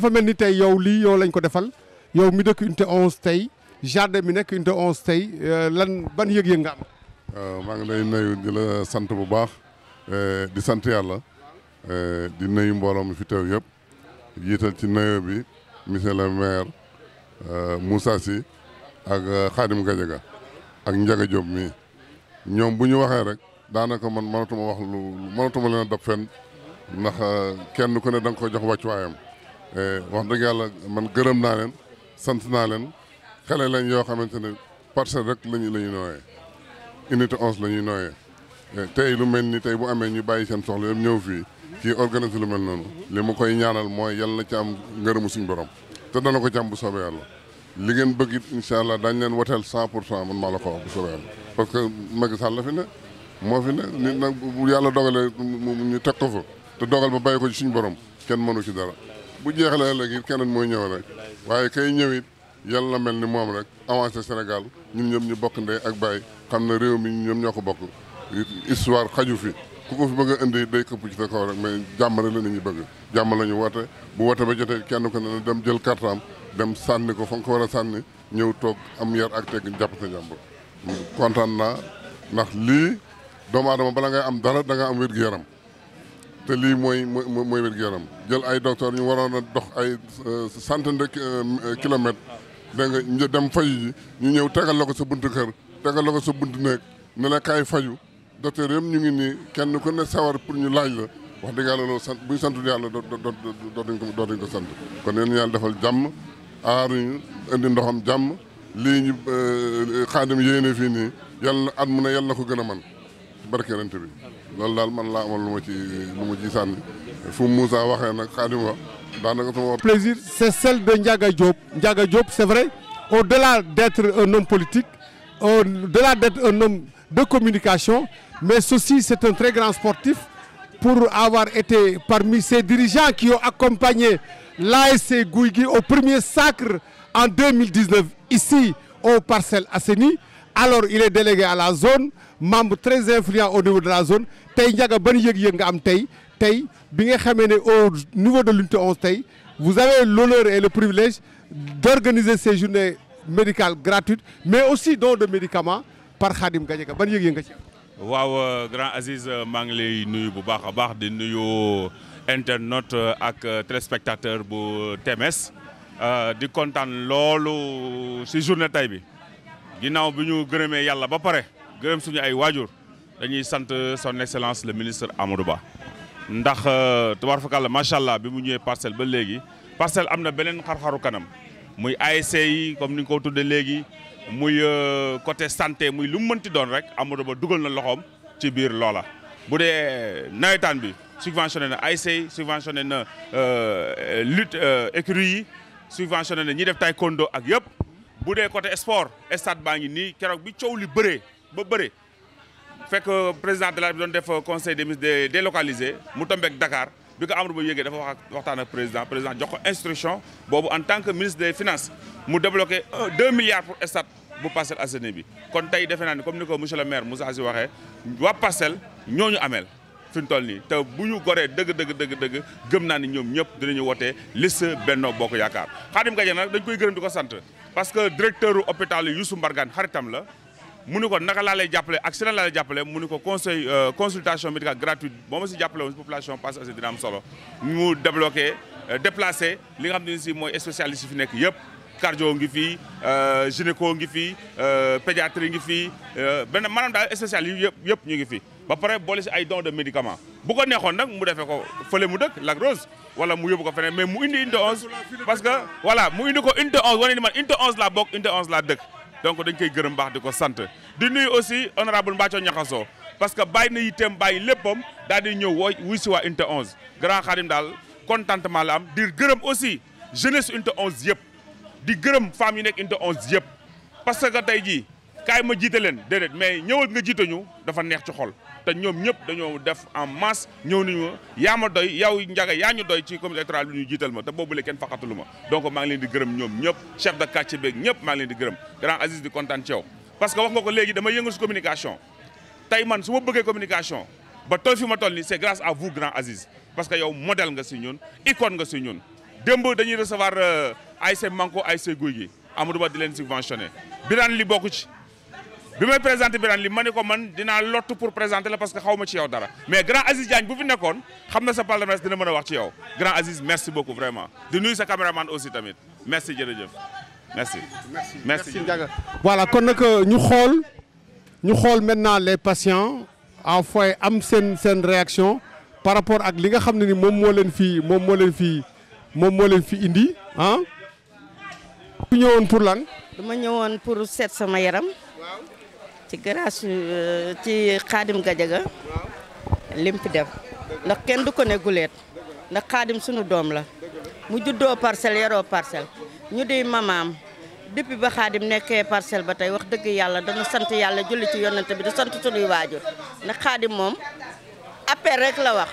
dafa mel ni tey yow lii yow lañ ko defal yow mi dëkk unité 11 tey jardin mi nekk unité 11 tey euh, lan ban yëg-yëg nga am. Euh, maa ngi lay nuyu di la sant bu baax euh, di sant yàlla di nuyu mbooloo mi fi teew yëpp jiital ci nuyoo bi monsieur le maire Moussa Sy ak Khadim Gadiaga ak Ndiaga Diop mii ñoom bu ñu waxee rek daanaka man mënatuma wax lu mënatuma leen a dab fenn ndax kenn ku ne da nga ko jox wàccuwaayam. Eh, wax dëgg yàlla man gërëm naa leen sant naa leen xale lañ yoo xamante ne parcelle rek lañu la ñu nooyee unité onze la ñuy nooyee eh, tey lu mel ni tey bu amee ñu bàyyi seen soxla yëpp ñëw fii kii organiser lu mel noonu li ma koy ñaanal mooy yal na ci am ngërëmu suñu borom te dana ko ci bu soobee yàlla li ngeen bëgg it incha allah daañu leen woteel cent pour cent man maa la ko wax bu soobee yàlla parce que Macky Sall la fi ne moo fi ne nit nag bu yàlla dogalee ñu teg ko fa te dogal ba bàyyi ko suñu borom kenn mënu ci dara bu jeexalee ëllëg it keneen mooy ñëw rek waaye kay ñëw it yàlla na mel ni moom rek avancé Sénégal ñun ñoom ñu bokk ndey ak baay xam na réew mi ñoom ñoo ko bokk histoire xaju fi ku ko fi bëgg a indi day këpp ci sa kaw rek mais jàmm rek la nit ñi bëgg jàmm la ñu woote bu woote ba jotee kenn ko ne dem jël kartaam dem sànni ko fa nga war a sànni ñëw toog am yar ak teg jàpp sa jàmbur kontaan naa ndax lii doomu aadama bala ngay am dara da nga am wér-gu-yaram te lii mooy mooy mooy wér gu yaram jël ay docteur ñu waroon a dox ay sant euh, nde euh, kilomètres dégg nga ñu dem faju ji ñu ñëw tegal la ko sa bunt kër tegal la ko sa buntu néeg ne la kaay faju docteur yëpp ñu ngi nii kenn ku ne sawar pour ñu laaj la wax dëgg yàlla loolu sant bu ñu santul yàlla doo doo dootuñ ko dootuñ ko sant kon yéen yàlla defal jàmm aaruñu indi ndoxam jàmm lii ñu euh, xaadim yéene fii nii yàlla at mu ne yàlla na ko gën a man barke bi loolu daal man laa amal lu ma ci lu ma ci sànni fu Moussa wax daanaka sama. plaisir c'est celle de Ndiaga Diop Ndiaga Diop c'est vrai au-delà d'être un homme politique au-delà d'être un homme de communication mais ceci c'est un très grand sportif pour avoir été parmi ces dirigeants qui ont accompagné l'ASC Gouygui au premier sacre en 2019 ici au Parcelles Assainies alors il est délégué à la zone membre très influent au niveau de la zone tey njaga ban yëg-yëg nga am tey tey bi nga xamee ne au niveau de l'unité 11 tey vous avez l'honneur et le privilège d'organiser ces journées médicales gratuites mais aussi don de médicament par Khadim Gadiaga ban yëg-yëg nga ci am waaw euh, grand Aziz euh, maa ngi lay nuyu bu baax a baax di nuyu internaute euh, ak téléspectateur bu TMS di kontaan loolu si journée tey bi ginnaaw bi ñu gërëme yàlla ba pare gërëm suñu ay waajur dañuy sant son excellence le ministre Amadou Ba ndax euh, tabaarkalla macha allah bi mu ñëwee parcelle ba léegi parcelle am na beneen xar-xaru kanam muy ASC yi comme ni nga ko tuddee léegi muy euh, côté santé muy lu mu mënti doon rek Amadou Ba dugal na loxoom ci biir loola. bu dee nawetaan bi subventionné na ASC yi subventionné na euh, lutte écurie yi subventionné na ñi def taekwondo ak yëpp bu dee côté sport stade baa ngi nii keroog bi coow li bëree. ba bëri fekk président de la bi doon def conseil des ministres délocalisé mu tombeek Dakar bi ko Amadou Ba yéegee dafa wax ak waxtaan ak président président jox ko instruction boobu en tant que ministre des finances mu débloqué 2 milliards pour Stades bu Parcelles Assainies bi kon tey defe naa ni comme ni ko monsieur le maire Moussa Sy waxee waa Parcelles ñooñu ameel fi mu toll nii te bu ñu goree dëgg dëgg dëgg dëgg gëm naa ni ñoom ñëpp dinañu wotee list Benno Bokk Yaakaar Khadim Gadiaga nag dañ koy gërëm di ko sant parce que directeur hôpital Youssou Mbargane xaritam la mu ni ko naka laa jàppale ak si lan laa jàppale mu ni ko conseil euh, consultation médicale gratuite boo ma si jàppale woon si population Parcelles Assainies dina am solo mu débloqué euh, déplacé li nga xam ne si mooy spécialiste yi fi nekk yëpp cardio ngi fii euh, gynéco ngi fii pédiatrie ngi fii benn maanaam daal spécialiste yi yëpp yëpp ñu ngi fi ba pare boole si ay dons de médicament bu ko neexoon nag mu defee ko fële mu dëkk Lac Rose wala mu yóbbu ko mais mu indi unité 11 parce que voilà mu indi ko unité 11 wane ni man unité 11 laa bokk unité 11 laa donc dañ koy gërëm baax di ko sant di nuyu aussi honorable Mbathio Niakhasso parce que bàyyi na yitteem bàyyi léppam daal di ñëw woo wuy si waa unité 11 grand xaadim daal contentement la am di gërëm aussi jeunesse unité 11 yëpp di gërëm femmes yi nekk unité 11 yëpp parce que tey jii kaay ma jiite leen déedéet mais ñëwal nga jiite ñu dafa neex ci te ñoom ñëpp dañoo def en masse ñëw nañu yaa ma doy yow njaga yaa ñu doy ci comité ñu jiital ma te boobu kenn faqatulu ma donc maa ngi leen di gërëm di gërëm grand Aziz di kontaan ci yow parce que wax nga ko léegi dama yëngu si communication tey man su ma bëggee communication ba toll fi ma toll nii c'est grâce à vous grand Aziz parce que yow modèle nga si ñun icône nga si ñun démb dañuy recevoir euh, ASC Manko ASC Guy gi Amadou Ba di leen subventionné Birane li bokku ci bi may présenté Birane Ly ma ne ko man dinaa lottu pour présenter la parce que xaw ma ci yow dara mais grand Aziz Diagne bu fi nekkoon xam na sa palmarès dina mën a wax ci yow grand Aziz merci beaucoup vraiment di nuyu sa caméraman aussi tamit merci jërëjëf merci. merci merci voilà kon nag euh, ñu xool ñu xool maintenant les patients en foyer am seen seen réaction par rapport ak li nga xam ne ni moom moo leen moom moo leen fii moom moo leen fi indi ah. ku ñëwoon pour lan. dama ñëwoon pour set sama yaram. ci grâce euh, ci xaadim Gajaga lim fi def ndax kenn du ko ne guleet ndax xaadim sunu doom la mu juddoo parcelle yaroo parcelle ñu di mamaam depuis ba xaadim nekkee parcelle ba tey wax dëgg yàlla dana sant yàlla julli ci yonante bi da sant sunuy waajur ndax xaadim moom appel rek la wax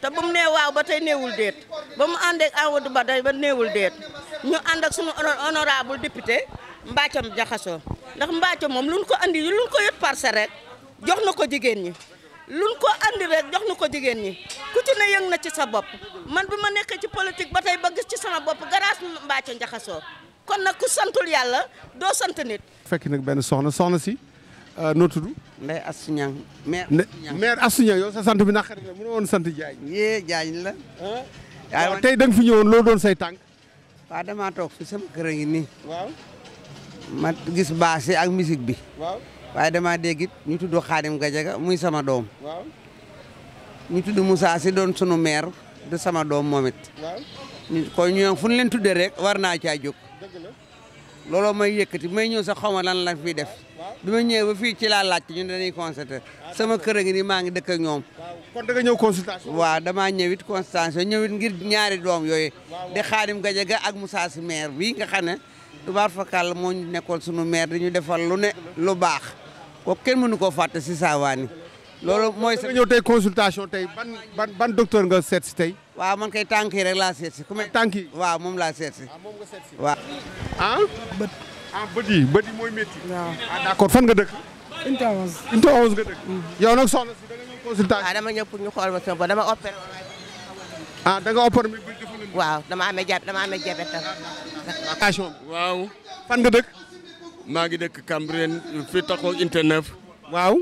te ba mu nee waaw ba tey néewul déet ba mu ànd ak Ba tey ba néewul déet ñu ànd ak sunu honorable député Mbathio Diakhaso ndax Mbathio moom luñ ko andi luñ ko yët parce rek jox na ko jigéen ñi luñ ko andi rek jox na ko jigéen ñi ku ci ne yëng na ci sa bopp man bi ma nekkee ci politique ba tey ba gis ci sama bopp grâce Mbathio Ndiakhasso kon nag ku santul yàlla doo sant nit. fekk nag benn soxna soxna si euh, noo tudd. Ndeye Assou Niang maire maire Assou Niang yow sa sant bi naqari la mënoo woon sant Diagne. yee Diagne la. waaw tey da fu fi ñëwoon loo doon say tànk. waa damaa toog fi sama kër a ngi nii. ma gis baas yi ak musique bi. waaw waaye damaa dégg ñu tudd Xaadim Gajaga muy sama doom. ñu tudd Moussa si doon sunu maire de sama doom moom it. waaw ñu kon ñoom leen tuddee rek war naa caa jóg. dëgg looloo may yëkkati may ñëw sax xaw ma lan la fiy def. bi ma ñëwee ba fii ci laa laajte ñun dañuy constaté ah, sama kër a ngi nii maa ngi dëkk ak ñoom. kon da nga damaa ñëwit consultation ñëwit ngir ñaari doom yooyu. de Xaadim Gajaga ak Moussa si bii nga xam ne. tubaar fakal moo ñu nekkoon sunu maire di ñu defal lu ne lu baax ko kenn nu koo fàtte si saawaani loolu mooy sa ñëw tey consultation tey ban ban ban docteur nga seet si tey. waa man kay tànk yi rek laa seet si. ku tànk yi moom laa seet si. Ah, moom nga seet si waaw. ah. bët. Ah, bët yi bët yi mooy métti. waaw ah, fan nga dëkk. Unité 11. Unité 11 nga mm. yow nag soxna si da nga ñëw consultation. pour ñu xool ma sama dama opéré. ah da nga opéré bi waaw dama amee ja dama amee waaw. fan nga dëkk. maa ngi dëkk Cambérène fii taxaw internet. waaw.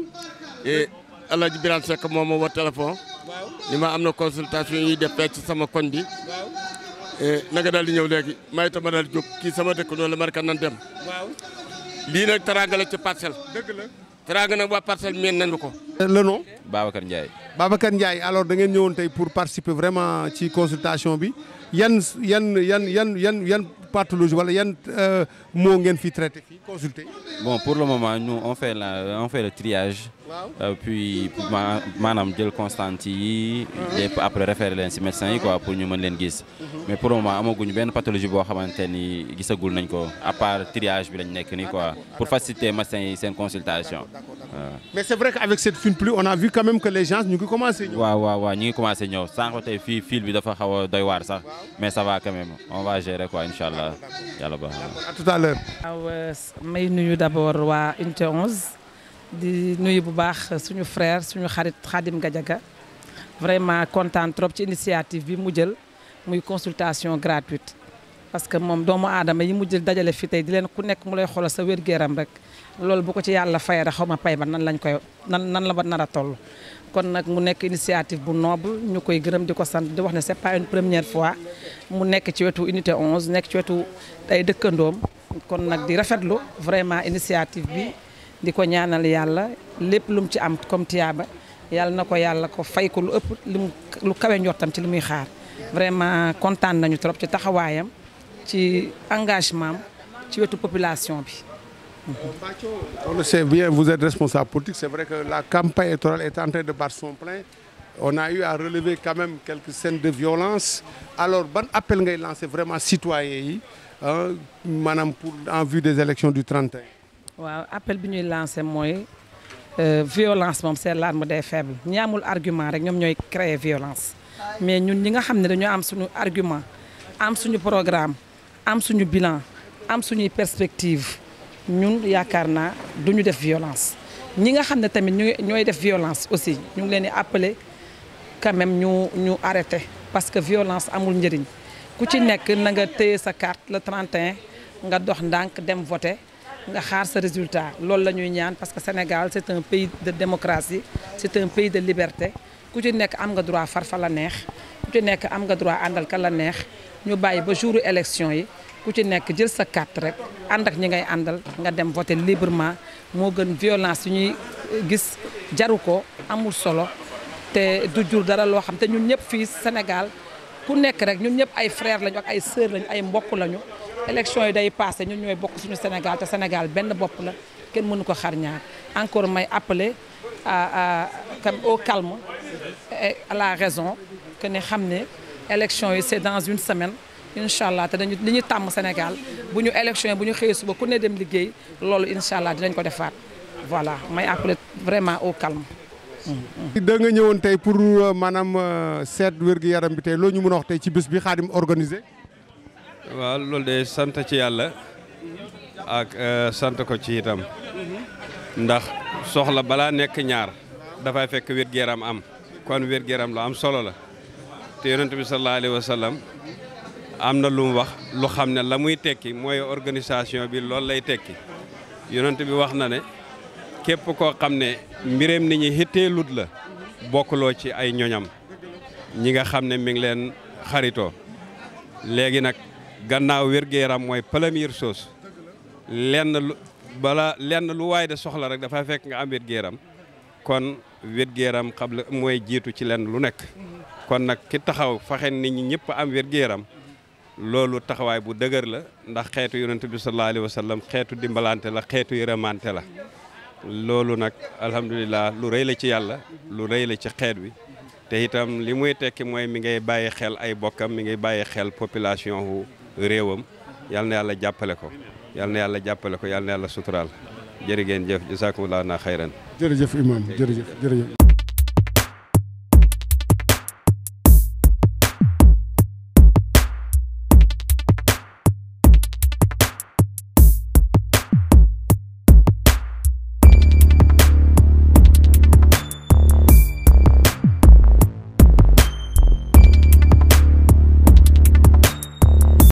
et El Hadj Birame Seck moo ma woo téléphone. waaw ni ma am na consultation yi ñuy def ci sama koñ bi. waaw. na nga daal di ñëw léegi may itam ma daal di kii sama dëkk noonu la marka nan dem. waaw. lii nag teraanga la ci parcelle. dëgg la. teraanga nag waa parcelle meen nañu ko. le nom. Babacar Ndiaye. Babacar Ndiaye alors da ngeen ñëwoon tey pour participer vraiment ci consultation bi yan yan yan yan yan yan pathologie wala yan euh, moo ngeen fi traité fii consulté. le moment nous on fait la euh, maanaam jël constante yi. lépp ah. après référé leen si médecin yi quoi pour ñu man leen gis. Mhm. mais pour le moment amaguñu benn pathologie boo xamante ni gisagul nañ ko à part triage bi lañ nekk nii quoi pour faciliter médecin yi seen consultation. mais c'est vrai que avec cette file pluie on a vu quand que les gens ñu ngi commencé. waaw waaw waaw ñu ngi fii file bi dafa xaw a doy waar sax mais ça va quand même on va gérer quoi incha allah yàlla baax l'heure waaw eh, may nuyu d'abord waa unité 11 di nuyu bu baax suñu frère suñu xarit Khadim gajaga vraiment kontaan trop ci initiative bi mu jël muy consultation gratuite parce que moom doomu aadama yi mu jël dajale fi tey di leen ku nekk mu lay xoolal sa wér gu rek loolu bu ko ci yàlla fayee da xaw ma pay ba nan lañ koy nan nan la ba nar a toll kon nag mu nekk initiative bu noble ñu koy gërëm di ko sant di wax ne c'est pas une première fois mu nekk ci wetu unité o nekk ci wetu ay dëkkandoom kon nag di rafetlu vraiment initiative bi di ko ñaanal yàlla lépp lu mu ci am comme tiyaaba yàlla na ko yàlla ko fay ko lu ëpp lu lu kawe njortam ci li muy xaar vraiment kontaan nañu trop ci taxawaayam ci engagement am ci wetu population bi. On le sait C'est vrai que la campagne électorale est en de battre son plein. On a eu à relever quand même quelques scènes de violence. Alors, bon appel ngay lancé vraiment citoyens yi Euh, maanaam pour en vue des élections du 31. waaw appel bi ñuy lancé mooy euh, violence moom c'est l'arme des faibles ñi amul argument rek ñoom ñooy créer violence mais ñun ñi nga xam ne dañoo am suñu argument am suñu programme am suñu bilan am suñuy perspective ñun yaakaar naa du ñu def violence ñi nga xam ne tamit ñu ñooy def violence aussi ñu ngi leen di appeler quand même ñu ñu arrêter parce que violence amul njëriñ ku ci nekk na nga téye sa carte le 31 nga dox ndànk dem voter nga xaar sa résultat loolu la ñuy ñaan parce que Sénégal c'est un pays de démocratie c'est un pays de liberté ku ci nekk am nga droit far fa la neex ku ci nekk am nga droit àndal ka la neex ñu bàyyi ba jour élection yi ku ci nekk jël sa carte rek ànd ak ñi ngay àndal nga dem voter librement moo gën violence yu ñuy gis jaru ko amul solo te du jur dara loo xam te ñun ñëpp fii Sénégal ku nekk rek ñun ñëpp ay frère lañu ak ay sœur lañu ay mbokk lañu élection yi day passé ñun ñooy bokk suñu Sénégal te Sénégal benn bopp la kenn mënu ko xar ñaar encore may appeler à au calme à la raison que ne xam ne élection yi c'est dans une semaine incha allah te dañu li ñu tàmm Sénégal bu ñu élection yi bu ñu xëyee suba ku ne dem liggéey loolu incha allah dinañ ko defaat voilà may appeler vraiment au calme. da nga ñëwoon tey pour euh, maanaam euh, seet wér yaram bi tey loo ñu mën a wax ci bés bi Khadim organisé. waaw loolu de sant ci yàlla ak euh, sant ko ci itam ndax soxla balaa nekk ñaar dafay fekk wér-gu-yaram am kon wér yaram lu am solo la te yonent bi sallallahu alayhi wa sallam am na lu wax lu xam ne la muy tekki mooy organisation bi loolu lay tekki yonent bi wax na ne. képp koo xam ne mbireem ni ñi xitteelut la bokkuloo ci ay ñoñam ñi nga xam ne mi ngi leen xaritoo léegi nag gannaaw wér yaram mooy première chose lenn bala lenn lu waay de soxla rek dafa fekk nga am wér yaram kon wér yaram la mooy jiitu ci lenn lu nekk kon nag ki taxaw faxe nit ñi ñëpp am wér yaram loolu taxawaay bu dëgër la ndax xeetu yonent bi sallallahu alayhi wa sallam xeetu dimbalante la xeetu yërëmante la loolu nag alhamdulilah lu rey la ci yàlla lu rey la ci xeet wi te itam li muy tekki mooy mi ngay bàyyi xel ay bokkam mi ngay bàyyi xel population wu réewam yal na yàlla jàppale ko yal yàlla jàppale ko yal na yàlla suturaal jërë ngeen jëf jasaakumullaahu naa xayran jërëjëf